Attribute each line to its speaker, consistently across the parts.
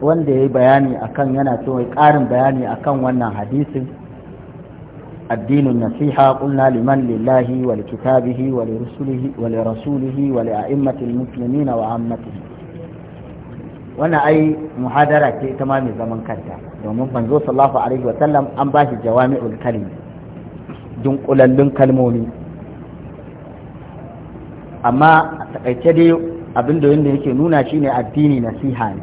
Speaker 1: wanda ya yi bayani akan yana so ya ƙarin bayani akan wannan hadisin addinin nasiha qulna liman lillahi wa kitabihi wa lirasulihi wa lirasulihi wa li'a'immatil muslimina wa ammatihi wannan ai muhadara ce ta mai zaman kanta domin banzo sallallahu alaihi wa sallam an ba bashi jawami'ul kalim dunkulallun kalmomi amma a takaice dai abin da yake nuna shine addini nasiha ne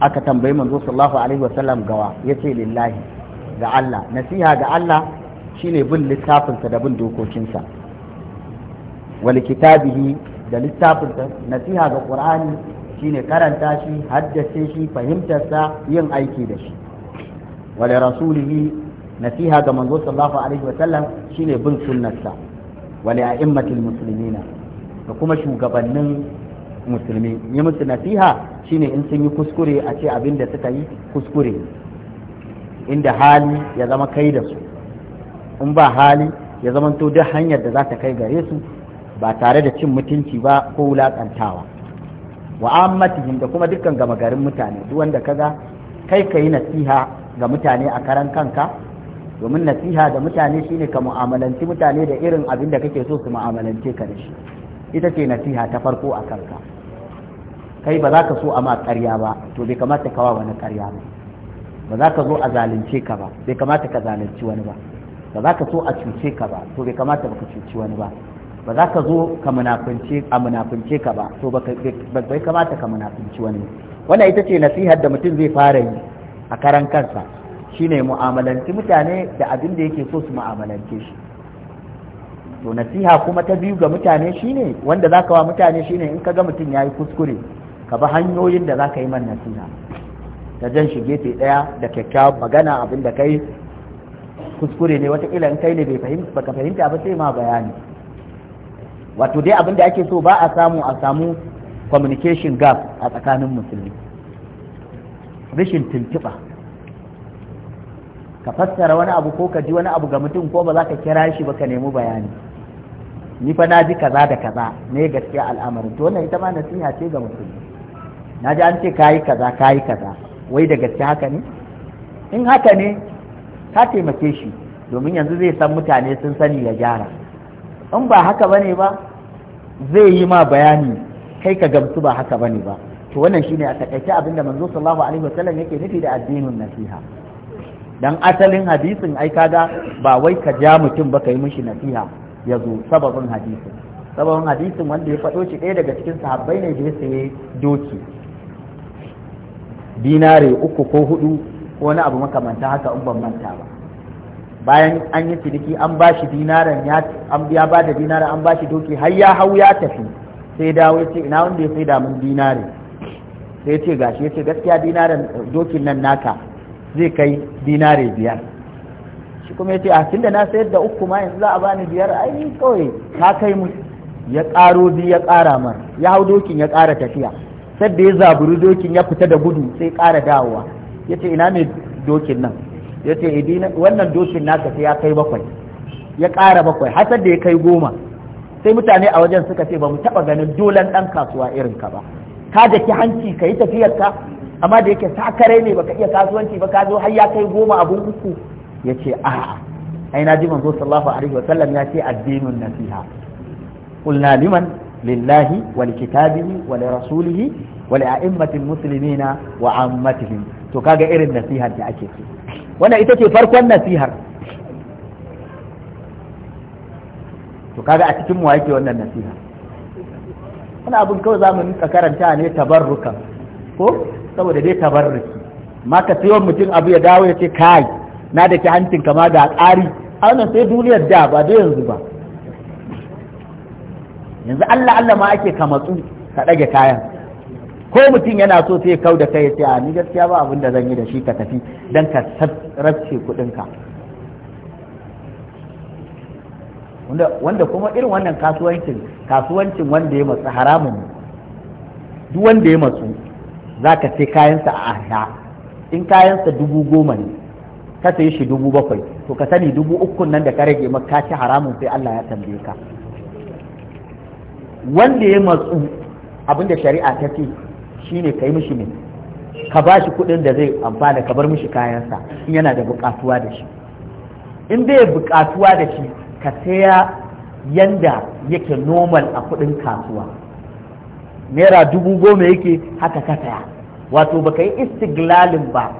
Speaker 1: aka tambayi manzo sallallahu alaihi sallam gawa yace lillahi ga Allah nasiha ga Allah shine bin littafinsa da bin dokokinsa wal kitabihi da littafinsa nasiha ga qur'ani shine karanta shi haddace shi fahimtarsa yin aiki da shi wal rasulihi nasiha ga manzo sallallahu alaihi sallam shine bin sunnarsa wal a'immatil muslimina da kuma shugabannin musulmi yi musu nasiha shine in sun yi kuskure a ce abin da suka yi kuskure inda hali ya zama kai da su in ba hali ya zama zamanto duk hanyar da za ta kai gare su ba tare da cin mutunci ba ko wulakantawa wa ammatihim da kuma dukkan gama garin mutane duk wanda kaga kai ka yi nasiha ga mutane a karan kanka domin nasiha da mutane shine ka mu'amalanci mutane da irin abin da kake so su mu'amalance ka da shi ita ce nasiha ta farko a kanka kai ba za ka so a ma ƙarya ba to bai kamata kawa wani ƙarya ba ba za ka zo a zalunce ka ba bai kamata ka zalunci wani ba ba za ka so a cuce ka ba to bai kamata ba ka cuci wani ba ba za ka zo ka munafunce a munafunce ka ba to bai kamata ka munafunci wani wannan ita ce nasihar da mutum zai fara yi a karan kansa shine mu'amalanci mutane da abin da yake so su mu'amalance shi to nasiha kuma ta biyu ga mutane shine wanda za ka wa mutane shine in ka ga mutum ya yi kuskure ka bi hanyoyin da za ka yi man nasiha ta jan shi gefe daya da kyakkyawan magana abin da kai kuskure ne wataƙila in kai ne baka fahimta ba sai ma bayani wato dai abin da ake so ba a samu a samu communication gap a tsakanin musulmi rashin tuntuɓa ka fassara wani abu ko ka ji wani abu ga mutum ko ba za ka kira shi ba ka nemi bayani ni fa na ji kaza da kaza ne gaskiya al'amarin to wannan ita ma nasiha ce ga musulmi na ji an ce kayi kaza kayi kaza wai da gaske haka ne in haka ne ka taimake shi domin yanzu zai san mutane sun sani ya gyara in ba haka bane ba zai yi ma bayani kai ka gamsu ba haka bane ba to wannan shine a takaice abinda manzo sallallahu alaihi wasallam yake nufi da addinin nasiha dan asalin hadisin ai kaga ba wai ka ja mutum ba kai mishi nasiha ya zo sababin hadisin sababin hadisin wanda ya faɗo shi ɗaya daga cikin sahabbai ne da ya saye doki dinare uku ko hudu ko wani abu makamanta haka in ban manta ba bayan an yi ciniki an ba shi dinaren ya an biya ba da dinare an ba shi doki har ya hau ya tafi sai dawo ya ce ina wanda ya sai da dinare sai ya ce gashi ya ce gaskiya dinaren dokin nan naka zai kai dinare biyar shi kuma ya ce a ah, tunda na sayar da uku ma yanzu za a bani biyar ai kawai ka kai mu ya karo bi ya kara man ya hau dokin ya kara tafiya sadda ya zaburi dokin ya fita da gudu sai ƙara dawowa ya ce ina mai dokin nan ya ce wannan dokin naka sai ya kai bakwai ya ƙara bakwai har sadda ya kai goma sai mutane a wajen suka ce ba mu taɓa ganin dolan ɗan kasuwa irin ka ba ka da ki hanci ka yi tafiyar ka amma da yake sakarai ne baka iya kasuwanci ba ka zo har ya kai goma abun uku ya ce a'a ai na ji manzo sallallahu alaihi sallam ya ce addinun nasiha qulna liman lillahi wa likitabihi wa lirasulihi wa li'a'immatil muslimina wa ammatihim to kaga irin nasihar ita ce farkon nasihar to kaga a cikin mu yake wannan nasiha wani abin kawai za mu rinka karanta ne tabarrukan ko saboda dai tabarruki ma ka sayo mutum abu ya dawo ya ce kai na da hancin kama da ƙari a sai duniyar da ba da yanzu ba yanzu Allah Allah ma ake ka matsu ka ɗage kayan ko mutum yana so sai kau da kai sai a ni gaskiya ba abin da zan yi da shi ka tafi dan ka rabce kuɗinka wanda wanda kuma irin wannan kasuwancin kasuwancin wanda ya matsu haramun duk wanda ya matsu za ka sai kayansa a ahya in kayansa dubu goma ne ka sai shi dubu bakwai to ka sani dubu ukun nan da ka rage maka ci haramun sai Allah ya tambaye ka wanda ya matsu abinda shari'a ta ce shine kai mishi ne ka ba shi kuɗin da zai amfana ka bar mishi kayansa in yana da buƙatuwa da shi in bai buƙatuwa da shi ka saya yanda yake normal a kuɗin kasuwa naira dubu goma yake haka ka saya wato baka yi istiglalin ba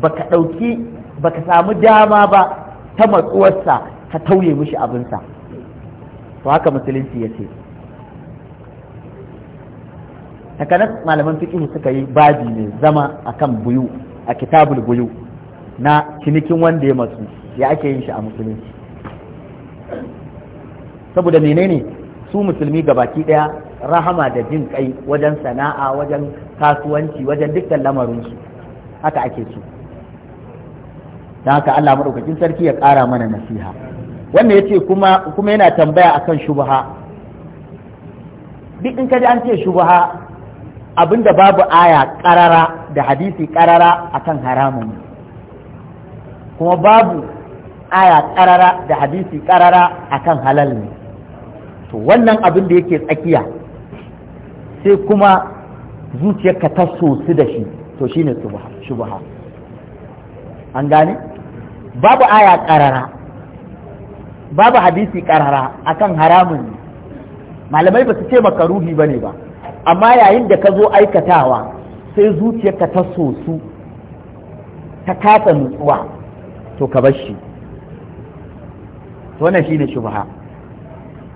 Speaker 1: baka ɗauki baka samu dama ba ta matsuwarsa ka tauye mishi abinsa to haka musulunci ya ce takanas malaman fiqh suka yi babi ne zama akan buyu a kitabul buyu na cinikin wanda ya masu ya ake yin shi a musulunci saboda menene su musulmi ga baki daya rahama da jin kai wajen sana'a wajen kasuwanci wajen dukkan lamarinsu haka ake so don haka Allah maɗaukakin sarki ya kara mana nasiha wanda ya ce kuma yana tambaya akan shubha duk in ji an ce shubha abinda babu aya karara da hadisi karara akan haramun kuma babu aya karara da hadisi karara akan halal ne to wannan abin da yake tsakiya sai kuma zuciyarka ta sosu da shi to shine shubha an gane babu aya karara babu hadisi karara akan haramun malamai ba su ce makaruhi ne ba amma yayin da ka zo aikatawa sai zuciyarka ta sosu ta kasa nutsuwa to ka bar shi wannan shine shubha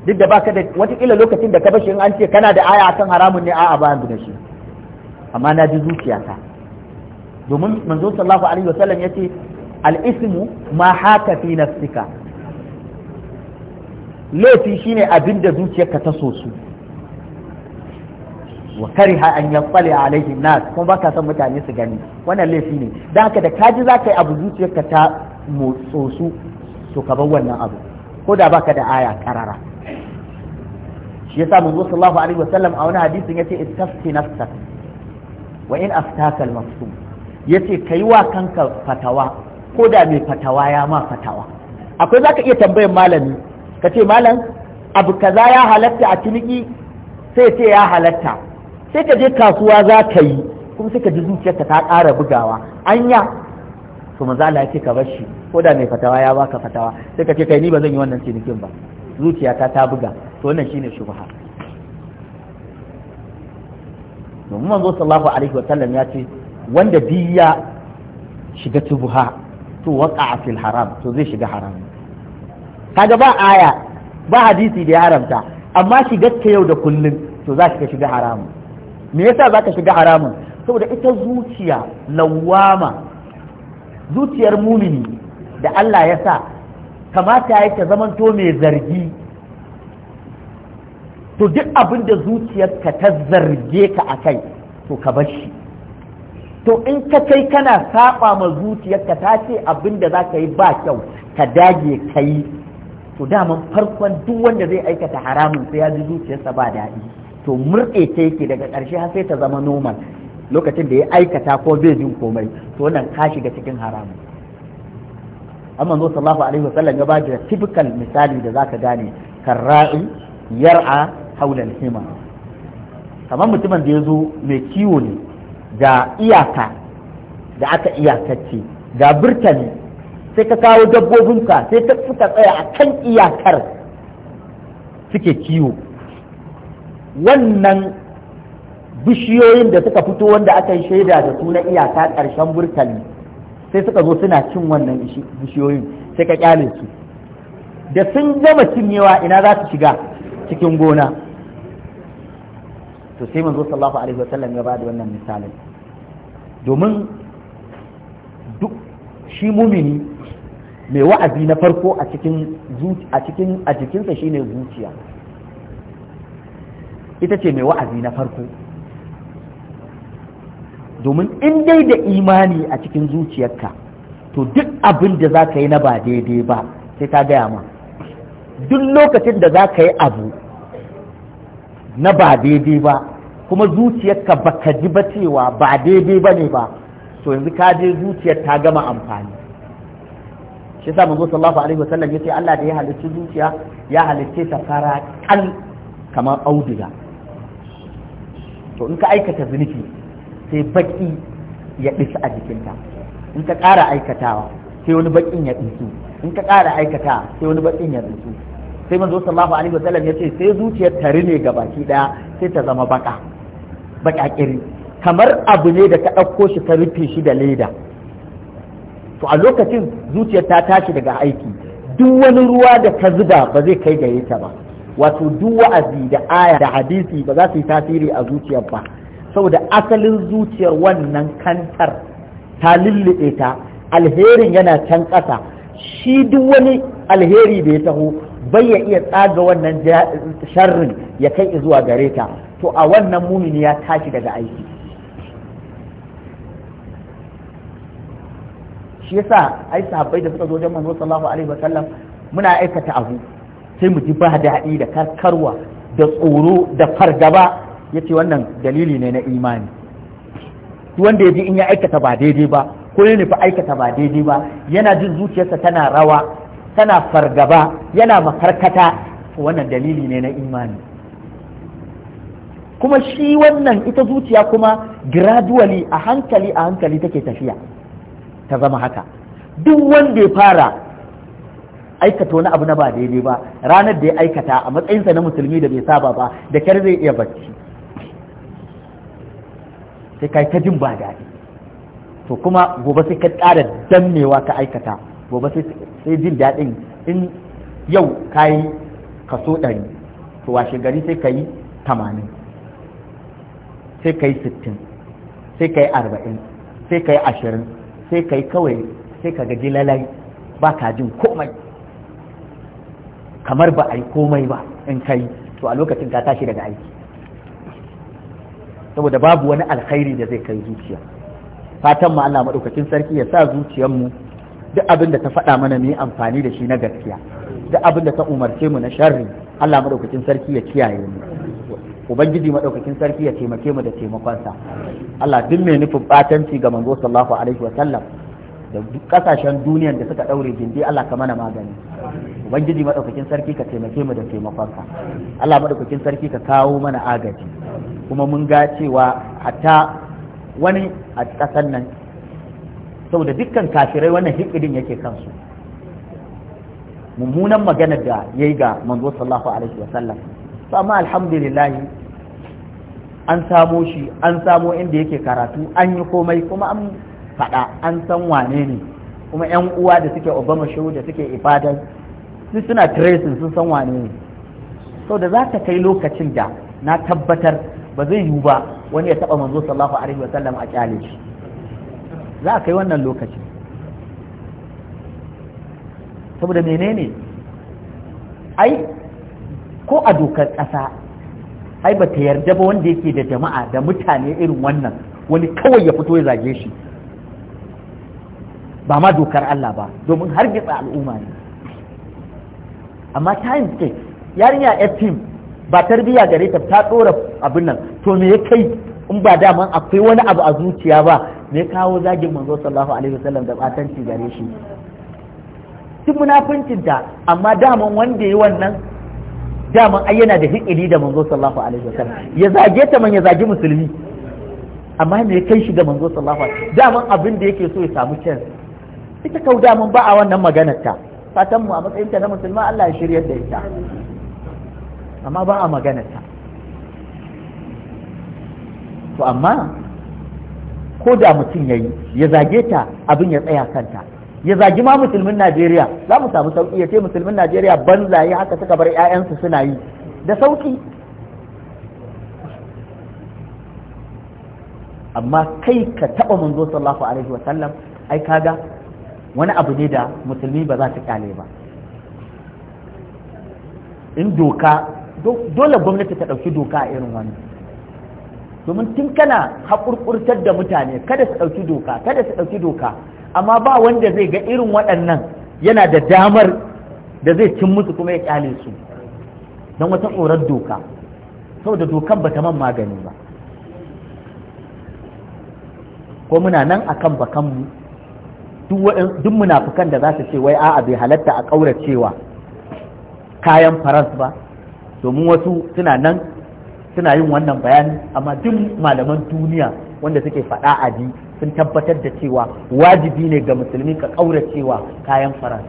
Speaker 1: duk da baka da watakila lokacin da ka shi in an ce kana da aya akan haramun ne a'a ba da shi amma na ji zuciyata domin manzo sallallahu alaihi wasallam yace al-ismu ma haka fi nafsika laifi shine abin da zuciyarka ta so su kariha an a alaihi nas kuma baka son mutane su gani wannan laifi ne da haka da kaji za ka yi abu zuciyarka ta su to ka bar wannan abu ko da baka da aya karara shi yasa manzo sallallahu alaihi wasallam a wani hadisin yace istafti nafsa wa in aftaka al-mafsum yace kai wa kanka fatawa ko da mai fatawa ya ma fatawa akwai zaka iya tambayar malami ka ce malam abu kaza ya halatta a tuniki sai ce ya halatta sai ka je kasuwa za ka yi kuma sai ka ji zuciyarka ta ƙara bugawa anya to manzo Allah ya ce ka bar shi ko da mai fatawa ya baka fatawa sai ka ce kai ni ba zan yi wannan cinikin ba zuciyata ta buga to wannan shine shubha domin manzo sallallahu alaihi wa sallam ya ce wanda ya shiga tubuha to waqa fil haram to zai shiga haram kaga ba aya ba hadisi da ya haramta amma shigar ka yau da kullun to za ka shiga haramun me yasa za ka shiga haramun saboda ita zuciya lawama zuciyar mumini da Allah ya sa kamata yake zamanto mai zargi to duk abin da zuciyarka ta zarge ka a kai to ka bar shi to in ka kai kana saba ma zuciyarka ta ce abin da za ka yi ba kyau ka dage ka yi to daman farkon duk wanda zai aikata haramun sai ya ji zuciyarsa ba daɗi to murɗe ta yake daga ƙarshe har sai ta zama normal lokacin da ya aikata ko bai jin komai to wannan ka shiga cikin haramu amma zo sallallahu alaihi wasallam ya ba da typical misali da zaka gane karra'i yar'a haula al-hima kamar mutumin da ya zo mai kiwo ne ga iyaka da aka iyakacce ga burtani sai ka kawo dabbobinka sai ka suka tsaya a kan iyakar suke kiwo wannan bishiyoyin da suka fito wanda aka yi shaida da su na iyaka ƙarshen burtali sai suka zo suna cin wannan bishiyoyin sai ka kyale su da sun gama cinyewa ina za su shiga cikin gona to sai manzo sallallahu alaihi wasallam ya bada wannan misalin domin duk shi mumini mai wa'azi na farko a cikin a cikin a jikinsa shine zuciya ita ce mai wa'azi na farko domin in dai da imani a cikin zuciyarka to duk abin da za ka yi na ba daidai ba sai ta gaya ma duk lokacin da za ka yi abu na ba daidai ba kuma zuciyarka ba ka ji ba cewa ba daidai ba ne ba to yanzu ka je zuciyar ta gama amfani shi yasa manzo sallallahu alaihi wasallam yace Allah da ya halicci zuciya ya halicce ta fara kal kamar auduga to in ka aikata zunubi sai baki ya ɗisa a jikinta in ka ƙara aikatawa sai wani bakin ya ɗisu in ka ƙara aikata sai wani bakin ya ɗisu sai manzo sallahu alaihi wasallam ya ce sai zuciyar tare ne ga baki ɗaya sai ta zama baka baƙaƙiri ƙiri. kamar abu ne da ka ɗauko shi ka rufe shi da leda to a lokacin zuciyar ta tashi daga aiki duk wani ruwa da ka zuba ba zai kai gare ta ba wato duk wa'azi da aya da hadisi ba za su yi tasiri a zuciyar ba saboda asalin zuciyar wannan kantar ta lulluɗe ta alherin yana can ƙasa shi duk wani alheri da ya taho bai ya iya tsaga wannan sharrin ya kai zuwa gare ta to a wannan mumini ya tashi daga aiki shi yasa ai sahabbai da suka zo wajen manzo sallallahu alaihi wasallam muna aikata abu sai mu ji ba daɗi da karkarwa da tsoro da fargaba ya ce wannan dalili ne na imani wanda ya ji in ya aikata ba daidai ba ko ya nufi aikata ba daidai ba yana jin zuciyarsa tana rawa tana fargaba yana makarkata wannan dalili ne na imani kuma shi wannan ita zuciya kuma gradually a hankali a hankali take tafiya ta zama haka duk wanda ya fara aikata wani abu na ba daidai ba ranar da ya aikata a matsayinsa na musulmi da bai saba ba da kyar zai iya bacci sai kai ta jin ba daɗi to kuma gobe sai ka ƙara dannewa ka aikata gobe sai jin daɗin in yau ka yi kaso ɗari to washe gari sai ka yi tamanin sai ka yi sittin sai ka yi arba'in sai ka yi ashirin sai ka yi kawai sai ka gaji lalai ba ka jin komai kamar ba a yi komai ba in kai to a lokacin ka tashi daga aiki saboda babu wani alkhairi da zai kai zuciya fatan mu Allah madaukakin sarki ya sa zuciyar mu duk abin da ta faɗa mana mu yi amfani da shi na gaskiya duk abin da ta umarce mu na sharri Allah madaukakin sarki ya kiyaye mu ubangiji madaukakin sarki ya taimake mu da taimakon sa Allah duk mai nufin batanci ga manzo sallallahu alaihi wa sallam da kasashen duniyar da suka daure gindi Allah ka mana magani ubangiji madaukakin sarki ka taimake mu da taimakonka Allah madaukakin sarki ka kawo mana agaji kuma mun ga cewa hatta wani a kasan nan saboda dukkan kafirai wannan hikidin yake kansu mummunan maganar da yayi ga manzo sallallahu alaihi wasallam to amma alhamdulillah an samo shi an samo inda yake karatu an yi komai kuma an faɗa an san wane ne kuma yan uwa da suke obama shehu da suke ifadar su suna tracing sun san wane ne so da za ta kai lokacin da na tabbatar ba zai yiwu ba wani ya taɓa manzo sallallahu alaihi wa sallam a kyale shi za a kai wannan lokacin saboda menene ai ko a dokar ƙasa ai ba ta yarda ba wanda yake da jama'a da mutane irin wannan wani kawai ya fito ya zage shi ba ma dokar Allah ba domin har gitsa al'umma ne amma time ce yarinya ya fim ba tarbiyya gare ta ta tsora abin nan to me ya kai in ba dama akwai wani abu a zuciya ba me kawo zagin manzo sallallahu alaihi wasallam da batanci gare shi duk munafincin ta amma daman wanda yi wannan daman ai yana da hikili da manzo sallallahu alaihi wasallam ya zage ta man ya zagi musulmi amma me kai shi da manzo sallallahu alaihi wasallam daman abin da yake so ya samu chance ita kauda mun ba a wannan maganar ta fatan mu a matsayin ta na musulma Allah ya shiryar da ita amma ba a maganar ta to amma ko da mutum yayi ya zage ta abin ya tsaya kanta ya zagi ma musulmin Najeriya za mu samu sauki ya ce musulmin Najeriya banzaye haka suka bar ƴaƴansu suna yi da sauki amma kai ka taba manzo sallallahu alaihi wa sallam ai kaga wani abu ne da musulmi ba za su kyale ba in doka dole gwamnati ta ɗauki doka a irin wani domin tun kana haƙurƙurtar da mutane kada su ɗauki doka kada su ɗauki doka amma ba wanda zai ga irin waɗannan yana da damar da zai cin musu kuma ya kyale su don wata tsoron doka saboda dokan ba ta man magani ba ko muna nan akan bakanmu duk munafukan da za su ce wai a'a bai halatta a ƙauracewa kayan faras ba domin wasu suna nan suna yin wannan bayani amma duk malaman duniya wanda suke faɗa a ji sun tabbatar da cewa wajibi ne ga musulmi ka ƙauracewa kayan faras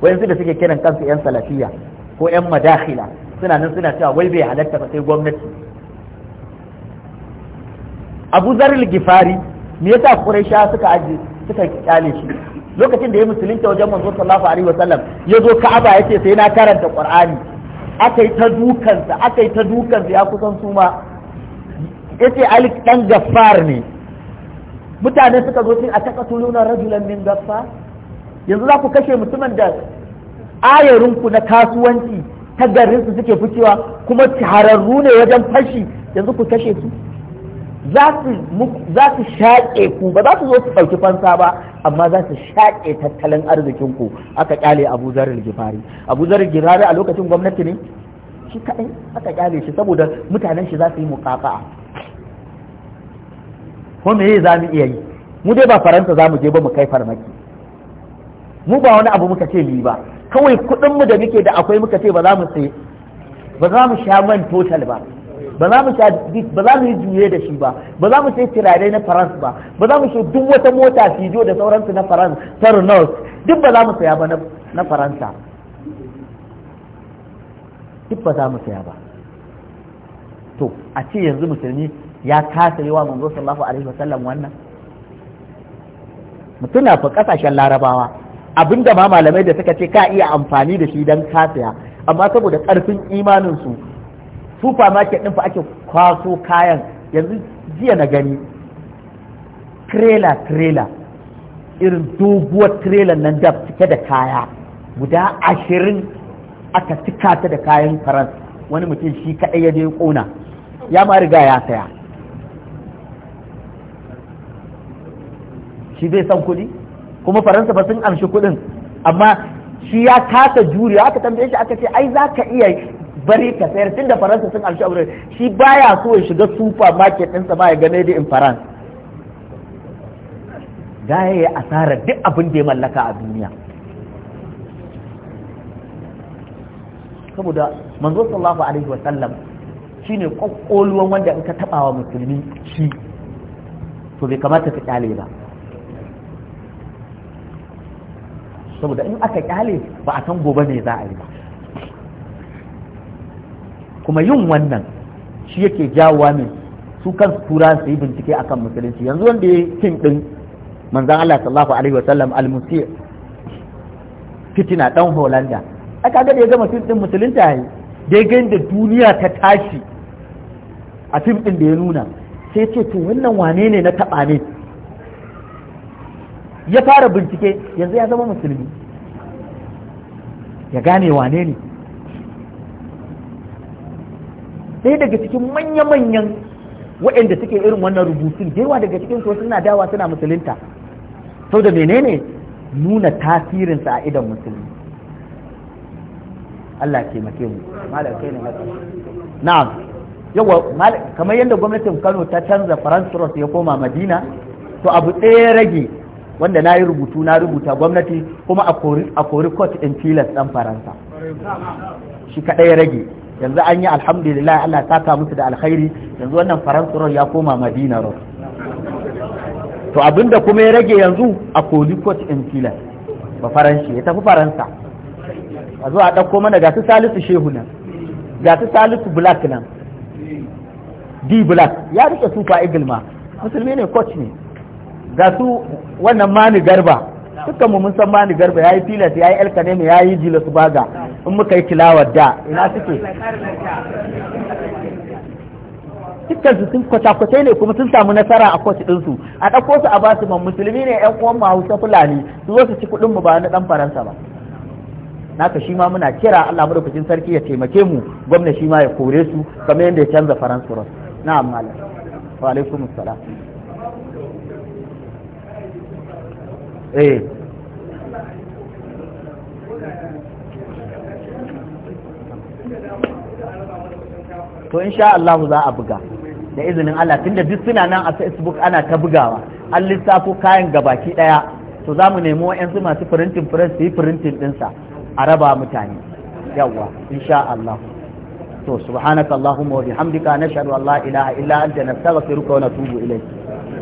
Speaker 1: wayansu da suke kiran kansu 'yan salafiya ko 'yan madakhila suna nan suna cewa wai bai halatta ba sai gwamnati abu zaril gifari me yasa quraisha suka ajiye suka kyale shi lokacin da ya musulunta wajen manzo sallallahu alaihi wasallam ya zo ka'aba ya ce sai na karanta qur'ani akai ta dukansa akai ta dukansa ya kusan su suma yace ali dan gaffar ne mutane suka zo sai a tuluna rajulan min gaffar yanzu za ku kashe mutumin da ayarinku na kasuwanci ta su suke ficewa kuma shahararru ne wajen fashi yanzu ku kashe su za su shaƙe ku ba za su zo su ɗauki fansa ba amma za su shaƙe tattalin arzikin ku aka ƙyale Abu Zarar Gifari Abu Zarar Gifari a lokacin gwamnati ne shi kaɗai aka ƙyale shi saboda mutanen shi za su yi muƙaƙa'a ko me za mu iya yi mu dai ba Faransa za mu je ba mu kai farmaki mu ba wani abu muka ce mu ba kawai kuɗinmu da muke da akwai muka ce ba za mu sai ba za mu sha man total ba ba za mu sha ba za mu yi juye da shi ba ba za mu sai turare na farans ba ba za mu sai duk wata mota fijo da sauransu na farans ta renault duk ba za mu saya ba na faransa duk ba za mu saya ba to a ce yanzu musulmi ya kasa yi wa manzo sallallahu alaihi wasallam wannan mutuna fa kasashen larabawa abinda ma malamai da suka ce ka iya amfani da shi don kasaya amma saboda karfin imanin su market ɗin fa ake kwaso kayan yanzu jiya na gani trailer trailer irin doguwar trailer nan da cike da kaya guda ashirin aka cika ta da kayan faransa wani mutum shi kaɗai ya je ƙona ya ma riga ya saya shi zai san kuɗi kuma faransa ba sun amshi kuɗin amma shi ya kasa juriya aka tambaye shi aka ce ai za ka iya bari ka sayar tun da faransa sun amshi abu shi baya so ya shiga sufa market sa ma ya ga da in france da ya yi asarar duk abin da ya mallaka a duniya saboda manzo sallallahu alaihi wa sallam shine kokkoluwan wanda in ka taba wa musulmi shi to bai kamata ka kyale ba saboda in aka kyale ba a san gobe ne za a yi ba kuma yin wannan shi yake jawowa ne su kan tura su yi bincike akan musulunci yanzu wanda ya kin din manzan Allah sallallahu alaihi wasallam al-musi fitina dan Holanda a kaga da ya gama fim din musulunta yi? da ya da duniya ta tashi a fim din da ya nuna sai ce to wannan wane ne na taba ne ya fara bincike yanzu ya zama musulmi ya gane wane ne ɗaya daga cikin manya-manyan waɗanda suke irin wannan rubutun da daga cikin su suna dawa suna musulunta sau da menene nuna tasirinsa a idan musulmi Allah ke taimake mu kai na'am yawa kamar yadda gwamnatin Kano ta canza France ya koma Madina to abu ɗaya rage wanda na yi rubutu na rubuta gwamnati kuma a kori court in tilas ɗan faransa shi kaɗai rage yanzu an yi alhamdulillah Allah ta ka musu da alkhairi yanzu wannan faransu ya koma madina road
Speaker 2: to abinda kuma ya rage
Speaker 1: yanzu a kolikot in filan ba faranshi ya tafi faransa
Speaker 2: a zuwa a ɗauko mana gasu salisu
Speaker 1: shehu nan gasu salisu black nan d black ya rike super eagle ma musulmi ne coach ne Gasu wannan mani garba dukkan mu mun san mani garba yayi filas yayi elkanemi yayi jilas baga in muka yi tilawar da ina suke dukkan sun kwata ne kuma sun samu nasara a kwace ɗinsu a ɗauko su a basu su musulmi ne yan uwan mu hausa fulani su zo su ci kuɗin mu ba na ɗan faransa ba naka shi ma muna kira Allah madaukakin sarki ya taimake mu gwamna shi ma ya kore su kamar yadda ya canza faransa ros na'am malam wa alaikum assalam eh to insha Allah za a buga da izinin Allah tunda duk suna nan a Facebook ana ta bugawa an lissafo kayan gabaki daya to za mu nemi wa'yansu masu firintin press su yi firintin ɗinsa a raba mutane yawwa insha Allah to Allahumma wa bihamdika nashhadu an la ilaha illa anta nastaghfiruka wa natubu ilayk